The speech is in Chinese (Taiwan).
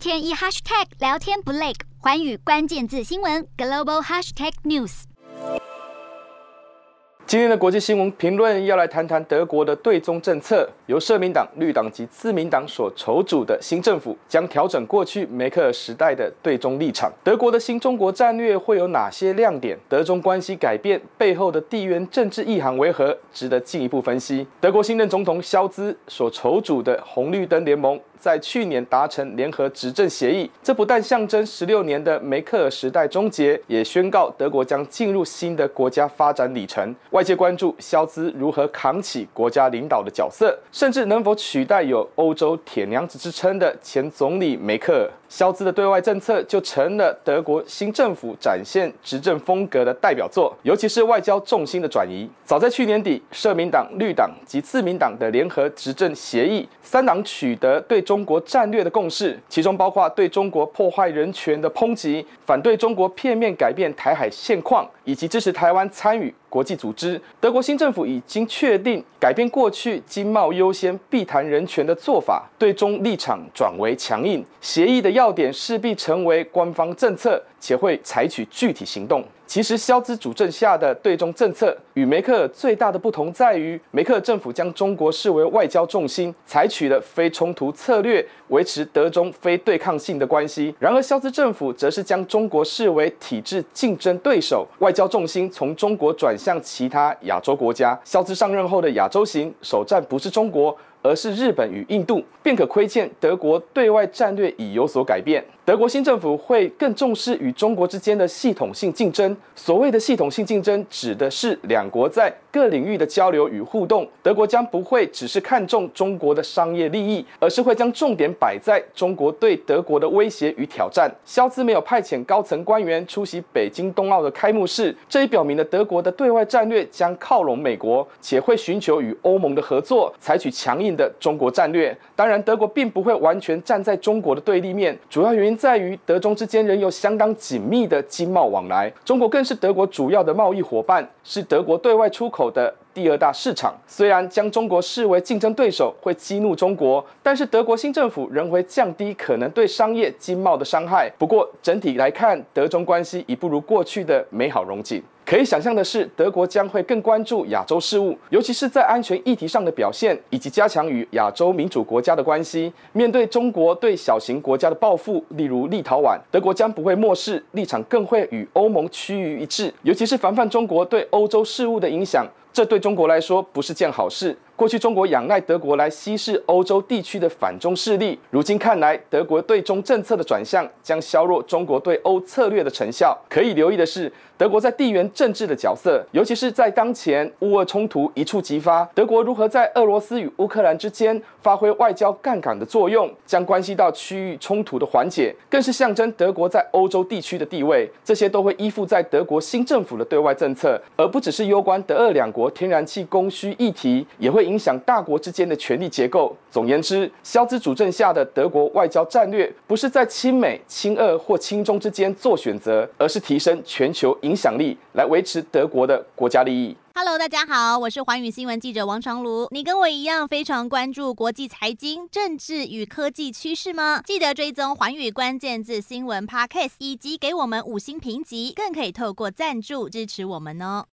天一 hashtag 聊天不累，寰宇關鍵字新聞 global hashtag news。今天的國際新聞評論要來談談德國的對中政策。由社民黨、綠黨及自民黨所籌組的新政府將調整過去梅克爾時代的對中立場。德國的新中國戰略會有哪些亮點？德中關係改變背後的地緣政治意涵為何？值得進一步分析。德國新任總統蕭茲所籌組的紅綠燈聯盟。在去年達成聯合執政協議，這不但象徵十六年的梅克爾時代終結，也宣告德國將進入新的國家發展里程。外界關注蕭茲如何扛起國家領導的角色，甚至能否取代有“歐洲鐵娘子”之稱的前總理梅克爾。蕭茲的對外政策就成了德國新政府展現執政風格的代表作，尤其是外交重心的轉移。早在去年底，社民黨、綠黨及自民黨的聯合執政協議，三黨取得對中國戰略的共識，其中包括對中國破壞人權的抨擊，反對中國片面改變台海現況，以及支持台灣參與國際組織，德國新政府已經確定改變過去經貿優先、避談人權的做法，對中立場轉為強硬，協議的要點勢必成為官方政策。且會採取具體行動。其實，肖茲主政下的對中政策與梅克爾最大的不同在於，梅克爾政府將中國視為外交重心，採取了非衝突策略，維持德中非對抗性的關係。然而，肖茲政府則是將中國視為體制競爭對手，外交重心從中國轉向其他亞洲國家。肖茲上任後的亞洲行首戰不是中國，而是日本與印度，便可窺見德國對外戰略已有所改變。德國新政府會更重視與中國之間的系統性競爭。所謂的系統性競爭，指的是兩國在各領域的交流與互動。德國將不會只是看重中國的商業利益，而是會將重點擺在中國對德國的威脅與挑戰。蕭茲沒有派遣高層官員出席北京冬奧的開幕式，這也表明了德國的對外戰略將靠攏美國，且會尋求與歐盟的合作，採取強硬的中國戰略。當然，德國並不會完全站在中國的對立面，主要原因。在於德中之間仍有相當緊密的經貿往來，中國更是德國主要的貿易夥伴，是德國對外出口的第二大市場。雖然將中國視為競爭對手會激怒中國，但是德國新政府仍會降低可能對商業經貿的傷害。不過整體來看，德中關係已不如過去的美好榮景。可以想象的是，德國將會更關注亞洲事務，尤其是在安全議題上的表現，以及加強與亞洲民主國家的關係。面對中國對小型國家的報復，例如立陶宛，德國將不會漠視立場，更會與歐盟趨於一致，尤其是防範中國對歐洲事務的影響。這對中國來說不是件好事。過去中國仰賴德國來稀釋歐洲地區的反中勢力，如今看來，德國對中政策的轉向將削弱中國對歐策略的成效。可以留意的是，德國在地緣政治的角色，尤其是在當前烏俄衝突一觸即發，德國如何在俄羅斯與烏克蘭之間發揮外交槓桿的作用，將關係到區域衝突的緩解，更是象徵德國在歐洲地區的地位。這些都會依附在德國新政府的對外政策，而不只是攸關德俄兩國天然氣供需議題，也會引。影響大國之間的權力結構。總言之，蕭茲主政下的德國外交戰略不是在親美、親俄或親中之間做選擇，而是提升全球影響力來維持德國的國家利益。Hello，大家好，我是寰宇新聞記者王長盧。你跟我一樣非常關注國際財經、政治與科技趨勢嗎？記得追蹤寰宇關鍵字新聞 Podcast，以及給我們五星評級，更可以透過贊助支持我們哦。